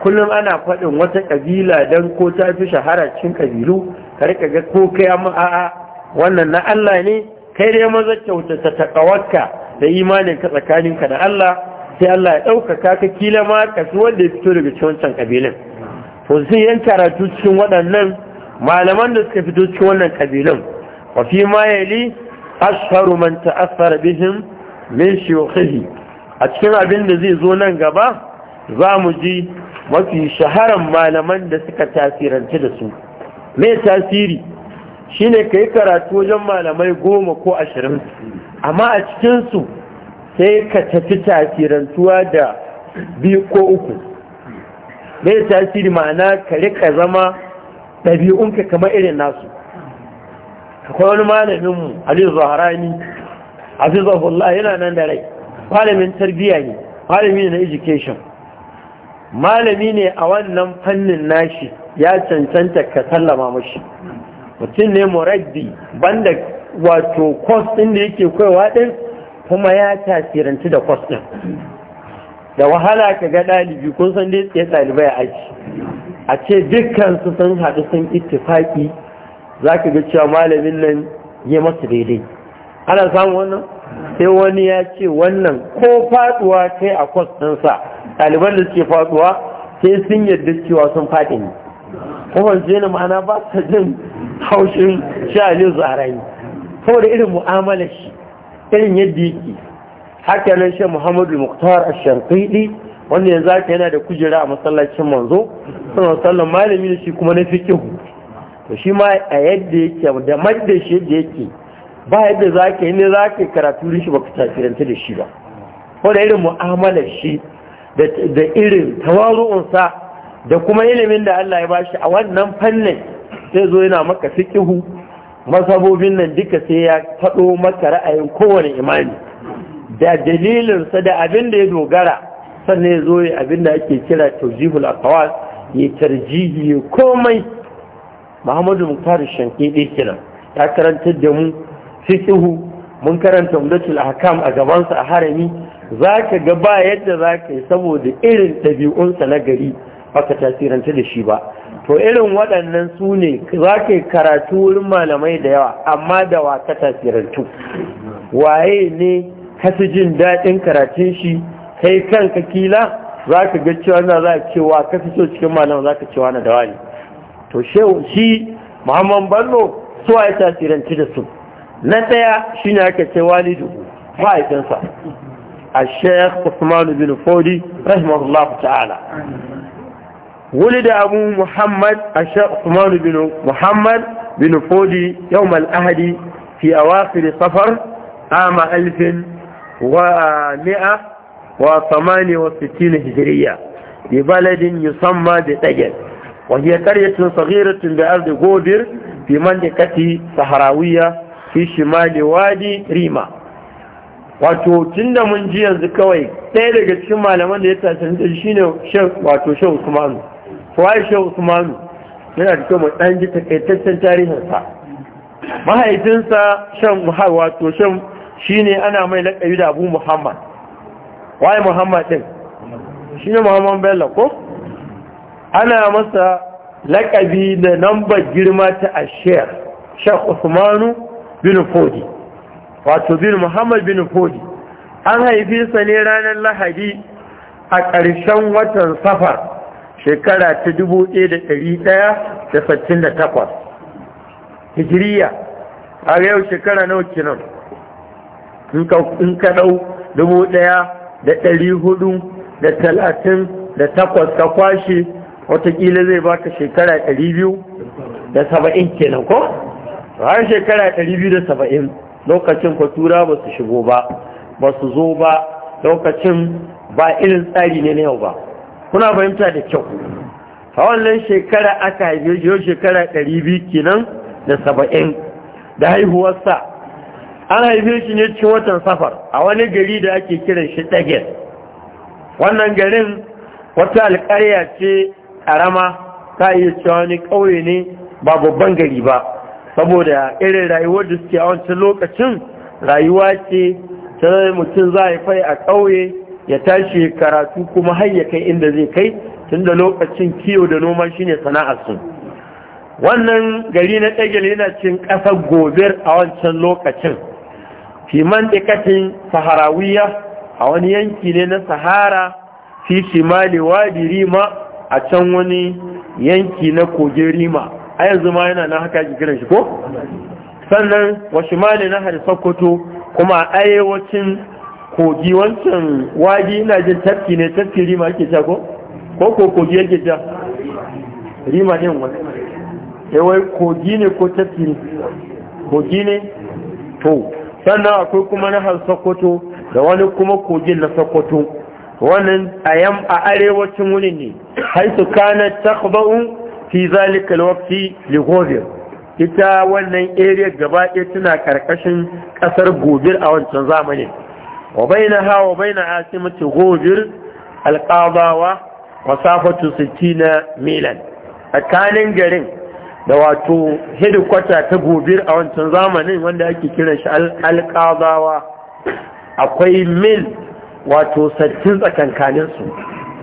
kullum ana faɗin wata ƙabila don ko ta fi shahara cikin ƙabilu karka ga ko kai amma a'a wannan na Allah ne kai dai maza kyautata takawarka da imanin ka tsakaninka da Allah sai Allah ya ɗaukaka ka kila ma ka wanda ya fito daga cikin wancan ƙabilun. ko sai yan karatu cikin waɗannan malaman da suka fito cikin wannan kabilan wa fi ma yali asharu man ta'assara bihim min shuyukhihi a cikin abin da zai zo nan gaba za mu ji mafi shaharan malaman da suka tasiranci da su me tasiri shine kai karatu wajen malamai goma ko ashirin amma a cikinsu sai ka tafi tasirantuwa da biyu ko uku bai da tasiri ma'ana ka zama ɗabi'unka kamar irin nasu akwai wani malaminmu aliyu zaharani azizahullah yana nan da rai malamin tarbiyya ne malami ne na education malami ne a wannan fannin nashi ya cancanta ka sallama mashi mutum ne muraddi banda wato kwas ɗin da yake kwaiwa ɗin kuma ya tasiranci da kwas ɗin da wahala ka ga ɗalibi kun san dai tsaye ɗalibai a aji a ce dukkan su sun haɗu sun ittifaki za ka ga cewa malamin nan ya masa daidai ana samun wannan sai wani ya ce wannan ko faduwa kai a kwas ɗinsa ɗaliban da suke faduwa sai sun yarda cewa sun faɗi ne kuma zai na ma'ana ba ta jin haushin a zarai saboda irin mu'amalar shi irin yadda yake haka nan shi muhammadu muktar kaiɗi. wanda yanzu haka yana da kujera a masallacin manzo suna sallan malami da shi kuma na fikihu to shi ma a yadda yake da madda shi yadda yake ba yadda za ka yi ne za ka karatu da shi ba ka tafiranta da shi ba ko da irin mu'amalar shi da irin sa, da kuma ilimin da Allah ya bashi a wannan fannin sai zo yana maka fikihu masabobin nan duka sai ya faɗo maka ra'ayin kowane imani da dalilinsa da abin da ya dogara sannan ya zo ya abin da ake kira taujihul akawar ya tarjihi ya komai muhammadu muktar shanke ɗaya kiran ya karantar da mu fiqhu mun karanta umdatul ahkam a gabansa a harami zaka ga ba yadda ka yi saboda irin ɗabi'unsa na gari baka tasiranta da shi ba to irin waɗannan su ne za ka yi karatu wurin malamai da yawa amma da wa ka tasirantu waye ne ka fi jin daɗin karatun shi kai kanka kila za ka ga cewa na za ka cewa ka fi so cikin malam za ka cewa na da ne to shi muhammad Ballo su ya tasiranci da su na ɗaya shi ne aka ce walidu mahaifinsa a shayar usman bin fodi rahimahullah ta'ala wuli da abu muhammad a shayar usman bin muhammad bin fodi yau mal'ahadi fi da safar ama alfin wa mi'a wa samani wa sittina hijriya bi baladin yusamma bi dagel wa hiya qaryatun saghiratun bi ardi godir fi mandikati saharawiya fi shimali wadi rima wato tunda mun ji yanzu kawai ɗaya daga cikin malaman da ya tantance shine wato shehu usmanu fuwai shehu usmanu yana da kyau mai ɗan ji takaitaccen tarihinsa mahaifinsa shan wato shan Shi ne ana mai laƙabi da abu muhammad waye muhammad ɗin shi ne muhammad bello ko ana masa laƙabi da nambar girma ta a ashir shek usmanu bin fodi wato bin muhammad bin fodi an haifi sa ne ranar lahadi a ƙarshen watan safar shekara ta da 1168 hijiriya a yau shekara nawa kinan in ka ɗau dubu ɗaya da ɗari hudu da talatin da takwas ka kwashe watakila zai baka shekara ɗari biyu da saba'in kenan ko har shekara ɗari biyu da saba'in lokacin ka tura ba su shigo ba ba su zo ba lokacin ba irin tsari ne na yau ba kuna fahimta da kyau a wannan shekara aka haife shi shekara ɗari biyu kenan da saba'in da haihuwarsa an haife shi ne cikin watan safar a wani gari da ake kiran shi ɗagen wannan garin wata alƙarya ce ƙarama ta iya cewa wani ƙauye ne ba babban gari ba saboda irin rayuwar da suke a wancan lokacin rayuwa ce ta mutum za a fai a ƙauye ya tashi karatu kuma har ya kai inda zai kai tun da lokacin kiyo da noma shine sana'arsu wannan gari na ɗagel yana cin ƙasa gobe a wancan lokacin fi katin saharawiya a wani yanki ne na sahara fi shimali wadi rima a can wani yanki na kogin rima a yanzu ma yana na haka kiran shi ko sannan wa shimali na hari sokoto kuma arewacin kogi wancan wadi ina jin tafki ne tafki rima yake ta ko ko ko kogi yake ta rima ne wani yawai eh, kogi ne ko tafki ne kogi ne to sannan akwai kuma nahar sokoto da wani kuma kogin na sokoto wannan a yam a arewacin wuni ne haisu kana takba'u fi zalika alwaqti li gobir ita wannan area gaba ɗaya tana karkashin kasar gobir a wancan zamanin wa bainaha wa baina asimati gobir alqadawa masafatu 60 milan tsakanin garin da wato hedikwata ta gobe a wancan zamanin wanda ake kiran shi alƙazawa akwai mil wato sattin tsakankaninsu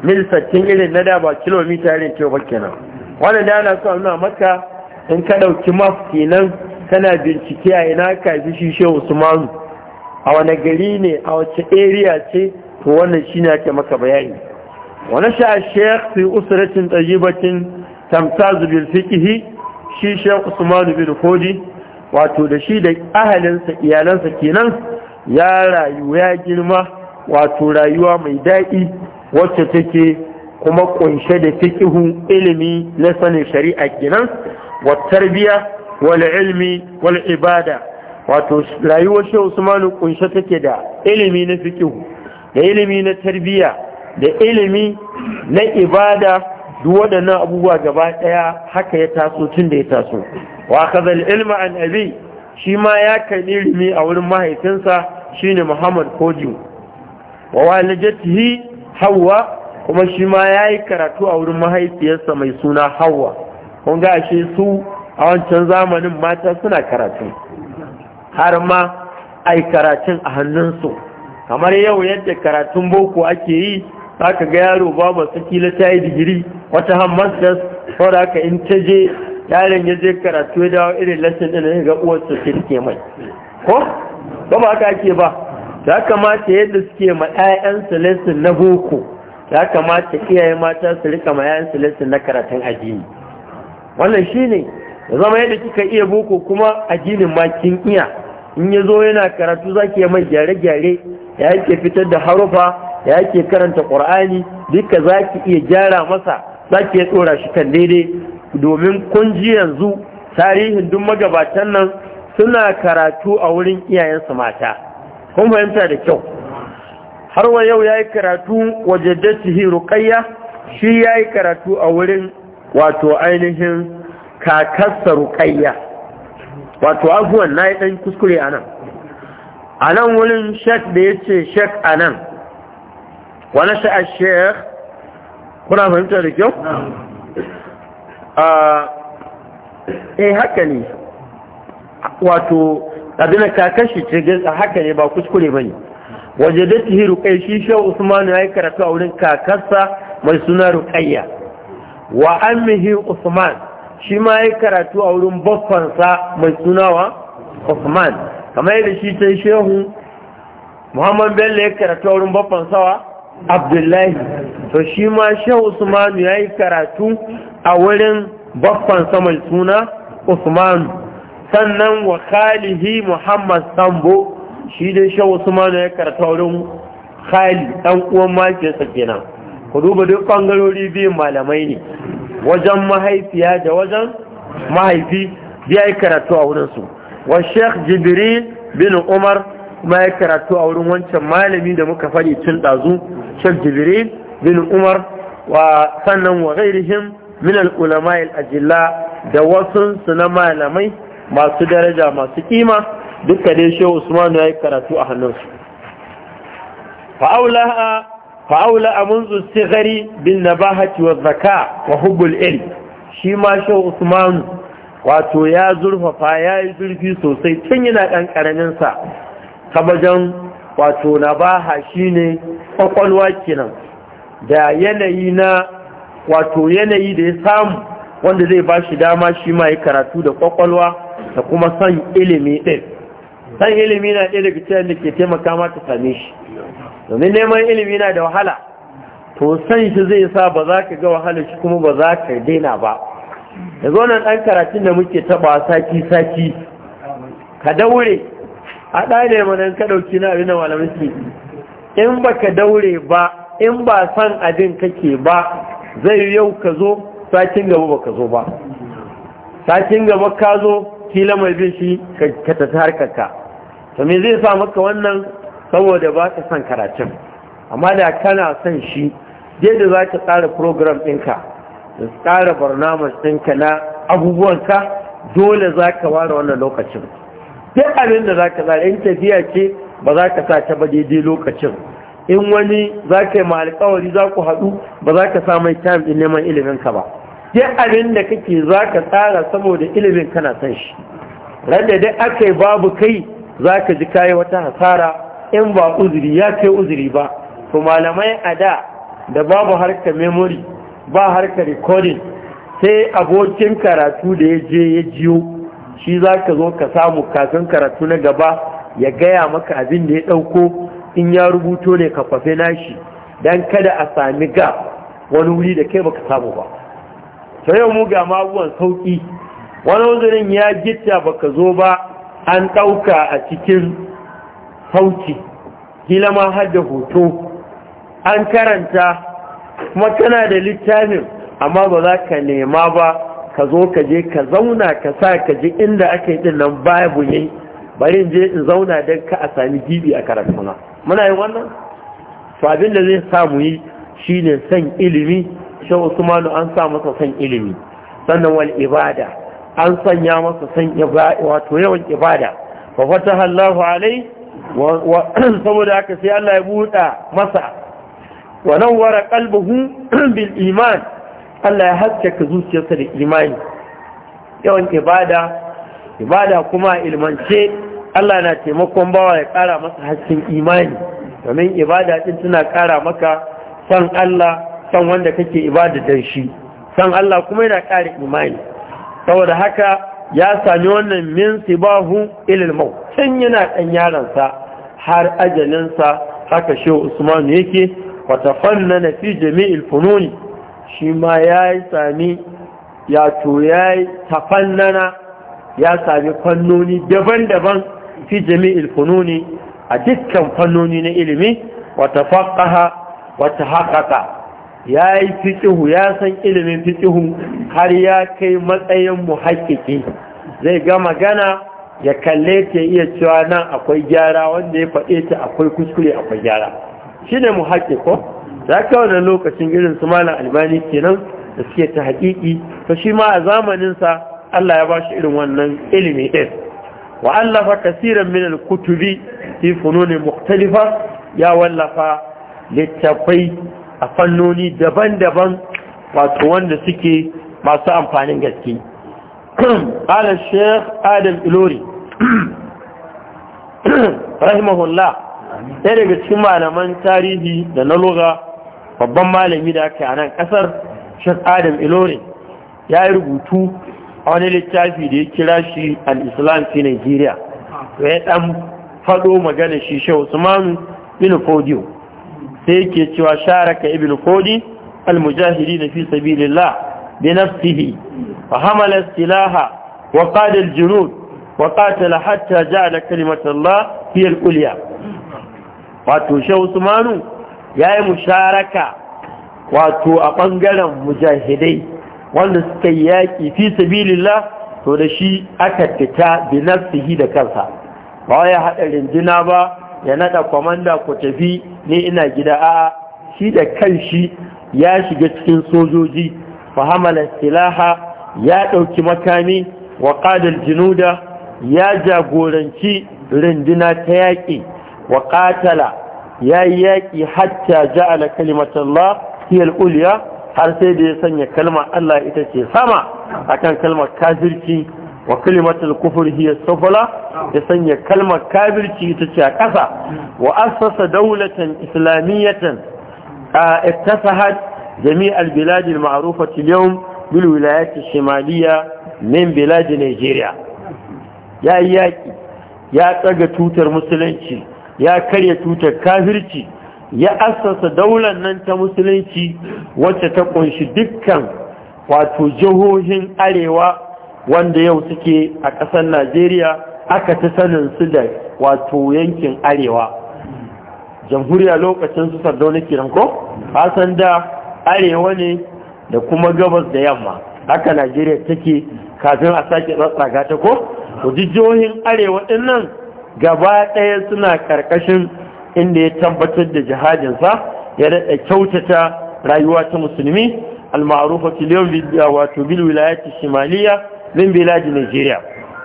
mil sattin irin na daba kilomita irin ke ba kenan wannan da ana so nuna maka in ka ɗauki maf kenan kana bincike a ina ka fi shi shehu usmanu a wani gari ne a wace area ce to wannan shine ake maka bayani wani sha shekh fi usratin tajibatin tamtaz bil fiqhi shi shek Usman bin Kodi wato da shi da ahalinsa iyalansa kenan ya rayu ya girma wato rayuwa mai daɗi wacce take kuma kunshe da fikihu ilimi na sanin shari'a kenan wa tarbiya wal ilmi wal ibada wato rayuwar Sheikh Usman kunshe take da ilimi na fikihu da ilimi na tarbiya da ilimi na ibada duk waɗannan abubuwa gaba ɗaya haka ya taso tun da ya taso wa kazal ilma an abi shi ma ya karɓi ilimi a wurin mahaifinsa shine muhammad kojiu wa walajatihi hawa kuma shi ma ya yi karatu a wurin mahaifiyarsa mai suna hawa kun ga ashe su a wancan zamanin mata suna karatu har ma ai karatun a hannunsu kamar yau yadda karatun boko ake yi aka ga yaro babu sakila ta yi digiri wata hammastas da aka in ta je yaron ya je karatu ya dawo irin lesson ɗin ga uwarsa ce take mai ko ba ba aka ake ba ya kamata yadda suke ma 'ya'yansu lesson na boko ya kamata iyaye mata su rika ma 'ya'yansu lesson na karatun addini wannan shine zama yadda kika iya boko kuma addinin ma kin iya in ya zo yana karatu zaki mai gyare-gyare ya yake fitar da harufa yake karanta ƙur'ani duka za ki iya gyara masa zaki iya tsora shi kan daidai domin kunji yanzu tarihin duk magabatan nan suna karatu a wurin iyayensu mata kun fahimta da kyau har wa yau ya yi karatu waje wajaddatihi ruqayya shi ya yi karatu a wurin wato ainihin kakarsa ruqayya wato abuwan yi ɗan kuskure anan a nan wurin shek da ya ce shek a nan ونشأ الشيخ kuna fahimtar da kyau? Ah, eh haka ne wato abin da ka kashi ce haka ne ba kuskure ne. waje da tihi rukai shi shehu usman ya yi karatu a wurin kakarsa mai suna rukaiya wa ammihi usman shi ma ya yi karatu a wurin baffansa mai sunawa usman kamar yadda shi ta yi shehu Muhammadu bello ya yi karatu a wurin bakwansa wa abdullahi to shi ma shehu usmanu ya yi karatu a wurin baffan saman suna usmanu sannan wa khalihi muhammad sambo shi da shehu usmanu ya karatu a wurin khali ɗan uwan makinsa kenan ku duba duk ɓangarori biyun malamai ne wajen mahaifiya da wajen mahaifi ya yi karatu a wurinsu wa sheikh jibril bin umar kuma ya karatu a wurin wancan malami da muka faɗi tun ɗazu shek jibril bin umar wa sannan wa gairihim min al'ulama Ajila da wasu su na malamai masu daraja masu kima duka dai shehu usman ya yi karatu a hannunsu fa'aula a munzu sigari bin nabahati wa zaka wa il shi ma shehu usman wato ya zurfafa ya yi zurfi sosai tun yana ɗan ƙaraminsa kabajan. wato na baha ne kwakwalwa kenan da yanayi na wato yanayi da ya samu wanda zai ba shi dama shi ma ya karatu da kwakwalwa da kuma san ilimi ɗin san ilimi na ɗaya daga cikin da ke taimaka ma ta same shi domin neman ilimi na da wahala to san shi zai sa ba za ka ga wahala shi kuma ba za ka daina ba da zo nan ɗan karatun da muke taɓa saki-saki ka daure a ɗane mana ka ɗauki na abin da malamai su in ba ka daure ba in ba san abin kake ba zai yau ka zo sakin gaba ba ka zo ba sakin gaba ka zo kila mai bin shi ka tafi ka. to me zai sa maka wannan saboda ba ka son karatun amma da kana son shi yadda za ka tsara program ɗinka da tsara barnamaj ɗinka na abubuwanka dole za ka ware wannan lokacin duk abin da za ka tsara in tafiya ce ba za ka sa ta ba daidai lokacin in wani za ka yi ma alkawari za ku haɗu ba za ka sa mai time ɗin neman ilimin ka ba duk abin da kake za ka tsara saboda ilimin kana san shi randa duk aka yi babu kai za ka ji kayi wata hasara in ba uzuri ya kai uzuri ba to malamai a da da babu harkar memory ba harkar recording sai abokin karatu da ya je ya jiyo shi za ka zo ka samu kafin karatu na gaba ya gaya maka abin da ya ɗauko in ya rubuto ne ka kwafe nashi don kada a sami ga wani wuri da kai baka samu ba ta yau mu ga mabuwan sauƙi wani wuzurin ya ba baka zo ba an ɗauka a cikin sauki kila ma har da hoto an karanta kuma tana da littafin amma ba za ka nema ba ka zo ka je ka zauna ka sa ka ji inda aka yi nan babu yayi bari je in zauna don ka a sami gibi a karatuna muna yi wannan abin da zai mu yi shine san ilimi shi usmanu an sa masa san ilimi sannan wal ibada an sanya masa san wato yawan ibada fa fataha Allahu alai saboda aka sai Allah ya buɗa masa wa nawwara qalbuhu bil iman Allah ya ka zuciyarsa da imani yawan ibada ibada kuma ilmance Allah na taimakon bawa ya ƙara masa hasken imani domin ibada din tana ƙara maka san Allah san wanda kake ibada da shi san Allah kuma yana ƙara imani saboda haka ya sami wannan min sibahu ilil maut tun yana ɗan sa har ajalinsa haka shehu usman yake wata fanna na fi jami'il fununi shi ma ya yi sami ya to ya yi tafannana ya sami fannoni daban-daban fi jami'il fununi a dukkan fannoni na ilimi wata faƙaha wata haƙaƙa ya yi fiƙihu ya san ilimin fitsihu har ya kai matsayin haƙiƙi zai ga magana ya kalle ta iya cewa nan akwai gyara wanda ya faɗe ta akwai kuskure akwai gyara shi ne haƙiƙo za aka wannan lokacin irin su malam albani kenan da suke ta haƙiƙi to shi ma a zamanin sa Allah ya ba shi irin wannan ilimi din wa allafa kasiran min kutubi fi fununi mukhtalifa ya wallafa littafai a fannoni daban-daban wato wanda suke masu amfanin gaske ala sheikh adam ilori rahimahullah ɗaya daga cikin malaman tarihi da na lura babban malami da aka yi a nan ƙasar shek adam ilori ya yi rubutu a wani littafi da ya kira shi al-islam fi nigeria ya ɗan faɗo magana shi shehu usmanu bin fodiyo sai yake cewa sharaka ibn fodi al-mujahidi na fi sabilillah bi nafsihi hamala silaha wa qada al-junud wa qatala hatta ja'ala kalimatu allah al-ulya wato shehu usmanu ya yi musharaka wato a ɓangaren mujahidai wanda suka yi yaƙi fi sabilillah to da shi aka fita bi nafsihi da kansa ba ya haɗa rinjina ba ya naɗa kwamanda ku tafi ne ina gida a shi da kanshi ya shiga cikin sojoji hamala silaha ya ɗauki makami wa ƙadar jinuda ya jagoranci rindina ta yaƙi wa ƙatala ya yi yaƙi hatta ja'ala kalimatullah hiyal uliya har sai da ya sanya kalmar Allah ita ce sama akan kalmar kafirci wa kalimatul kufur hiya sufla ya sanya kalmar kafirci ita ce a ƙasa wa assasa daulatan islamiyatan ittasahat jami' al-bilad al-ma'rufa al-yawm bil wilayat al-shimaliyya min bilad Nigeria ya yaƙi, ya tsaga tutar musulunci ya karya tutar kafirci ya assasa daular nan ta musulunci wacce ta kunshi dukkan wato jihohin arewa wanda yau suke a ƙasar najeriya aka ta sanin su da wato yankin arewa jamhuriya lokacin su sardauna kiran ko san da arewa ne da kuma gabas da yamma haka najeriya take kafin a sake tsatsaga ta ko to jihohin arewa din nan gaba ɗaya suna ƙarƙashin inda ya tabbatar da jihadinsa ya daɗa kyautata rayuwa ta musulmi al-ma'rufa fil wato bil wilayati shimaliya min biladi Najeriya.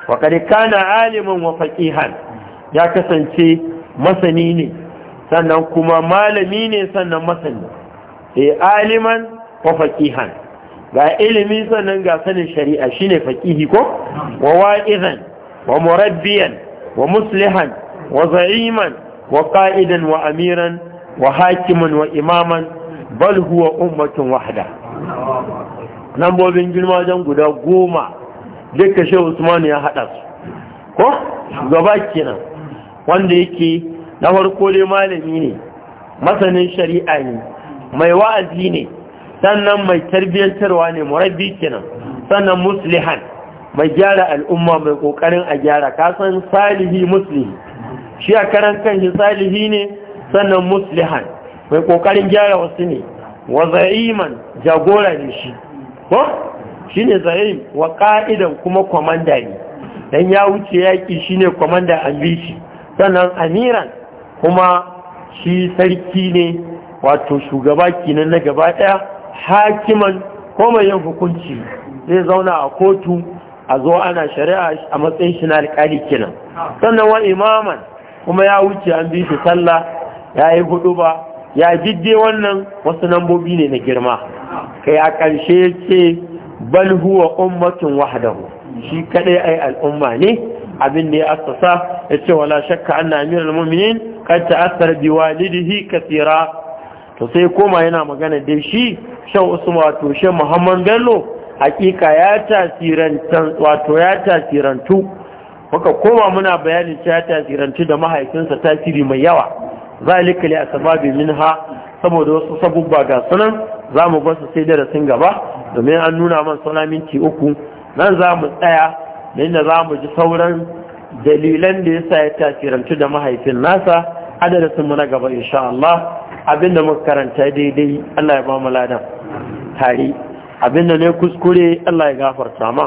wa qad kana aliman wa faƙihan ya kasance masani ne sannan kuma malami ne sannan masani eh aliman wa faƙihan ga ilimi sannan ga sanin shari'a shine faƙihi ko wa wa'izan wa murabbiyan wa muslihan wa za'iman wa qa'idan wa amiran wa hakiman wa imaman bal huwa ummatun wahda lambobin girma jan guda goma duka shehu usman ya haɗa su ko gaba kenan wanda yake na farko dai malami ne masanin shari'a ne mai wa'azi ne sannan mai tarwa ne murabbi kenan sannan muslihan mai gyara al'umma mai kokarin a gyara kasan salihi muslihi shi a karan kanshi salihi ne sannan muslihan mai kokarin gyara wasu ne wa za'iman jagora ne shi ko shi ne za'im wa ka'idan kuma kwamanda ne dan ya wuce yaƙi shi ne kwamanda an bi shi sannan amiran kuma shi sarki ne wato shugaba kinan na gaba ɗaya hakiman ko yin hukunci zai zauna a kotu a zo ana shari'a a matsayin shi na alƙali kenan sannan wa imaman kuma ya wuce an bi shi sallah ya yi hudu ba ya jidde wannan wasu nambobi ne na girma kai a ƙarshe ce bal huwa ummatun wahdahu shi kadai ai al'umma ne abin da ya assasa ya ce wala shakka anna amirul mu'minin kad ta'assar bi walidihi kathira to sai koma yana magana da shi shan usman wato shan muhammad bello hakika ya tasiranta, wato ya tasirantu muka koma muna bayanin ya tasirantu da mahaifinsa tasiri mai yawa zalika li asbabi minha saboda wasu sabubba ga sunan zamu ba su sai darasin gaba domin an nuna man suna minti uku nan zamu mu tsaya da inda za mu ji sauran dalilan da yasa ya tasirantu da mahaifin nasa a mu na gaba insha Allah abinda muka karanta daidai Allah ya ba mu ladan tare abinda ne kuskure Allah ya gafarta ma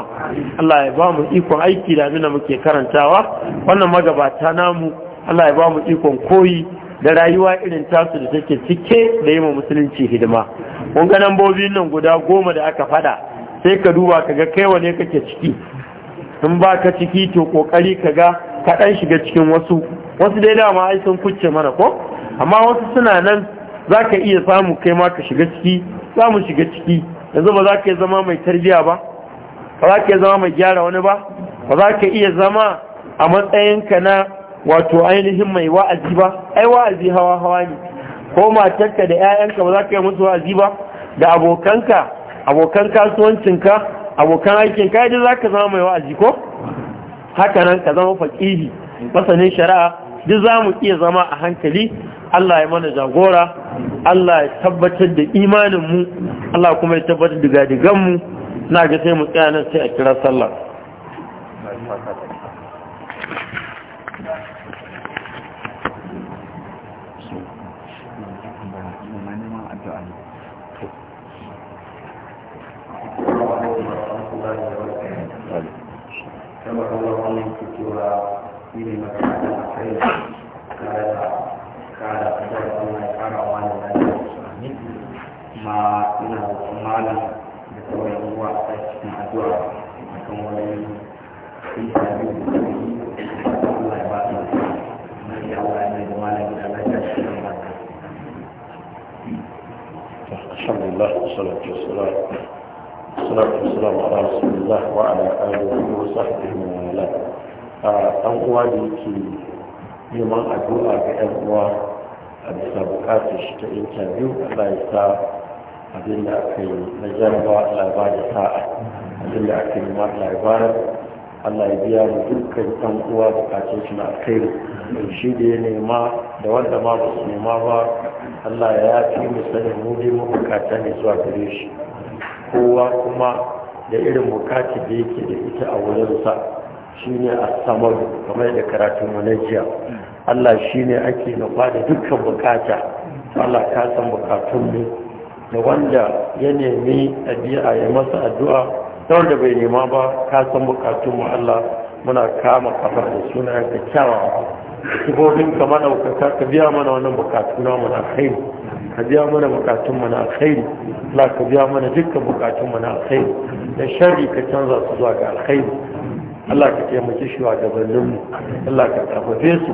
Allah ya ba mu ikon aiki da amina muke karantawa wannan magabata namu Allah ya ba mu ikon koyi da rayuwa irin tasu da take cike da yi musulunci hidima kun ga nambobin nan guda goma da aka fada sai ka duba ka ga kai wane kake ciki in ba ka ciki to kokari ka ga ka dan shiga cikin wasu wasu dai dama ai sun kucce mana ko amma wasu suna nan za ka iya samu kai ma ka shiga ciki za mu shiga ciki yanzu ba za ka zama mai tarbiya ba ba za ka zama mai gyara wani ba ba za ka iya zama a matsayinka na wato ainihin mai wa'azi ba ai wa'azi hawa hawa ne ko matarka da 'ya'yanka ba za ka yi musu wa'azi ba da abokanka abokan kasuwancinka abokan aikinka yadda za ka zama mai wa'azi ko haka nan ka zama faƙihi masanin shari'a duk za mu iya zama a hankali Allah ya mana jagora Allah ya tabbatar da imaninmu Allah kuma ya tabbatar da gadiganmu na ga sai mu tsaya nan sai a kira sallah Thank you. kuma ina roƙon malam da sauran uwa a cikin addu'a a kan wani isabi da Allah ya ba su na ya Allah ya da malam da lafiya shi ne ba الحمد لله والصلاة والسلام والصلاة والسلام على رسول الله وعلى آله وصحبه ومن والاه أن أوالي كي يمان أدعو أبي أبوا a bisa bukatar shi ta interview Allah ya sa Abinda aka yi na jarba labarin sa'a abinda yi ma labarin Allah ya biya mu dukkan ɗan uwa bukatun shi na alkhairi shi da ya nema da wanda ma ba su nema ba Allah ya fi mu sanin mu dai mu bukata ne zuwa gare shi kowa kuma da irin bukaci da yake da ita a wurinsa shi ne a samar kamar da karatun manajiya Allah shi ne ake nufa da dukkan bukata Allah ka san bukatun mu da wanda ya nemi addu'a ya masa addu'a da wanda bai nema ba ka san bukatun mu Allah muna kama kafa da suna ka kyawa sifofin ka mana ka biya mana wannan bukatu na mu na kai ka biya mana bukatun mu na kai Allah ka biya mana dukkan bukatun mu na kai da sharri ka canza su zuwa ga alkhairi Allah ka taimaki shugabanninmu Allah ka karfafe su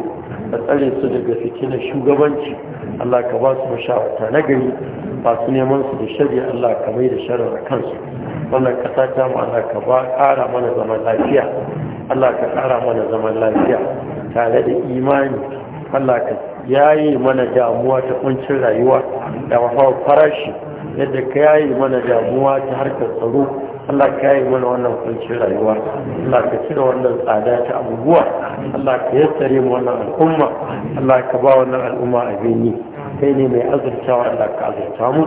ka tsare su daga fitinar shugabanci Allah ka ba su mashawarta na gari ba su neman su da shari'a Allah ka mai da a kansu wannan kasa ta mu Allah ka ba ƙara mana zaman lafiya Allah ka ƙara mana zaman lafiya tare da imani Allah ka yayi mana damuwa ta kuncin rayuwa da farashi yadda ka yayi mana damuwa ta harkar tsaro Allah ka yi mana wannan kuncin rayuwa Allah ka cire wannan tsada ta abubuwa Allah ka yassare mu wannan al'umma Allah ka ba wannan al'umma a yi kai ne mai azurtawa Allah ka azurta mu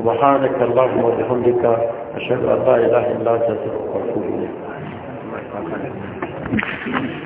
subhanaka allahumma wa bihamdika ashhadu an la ilaha illa anta astaghfiruka wa atubu ilayk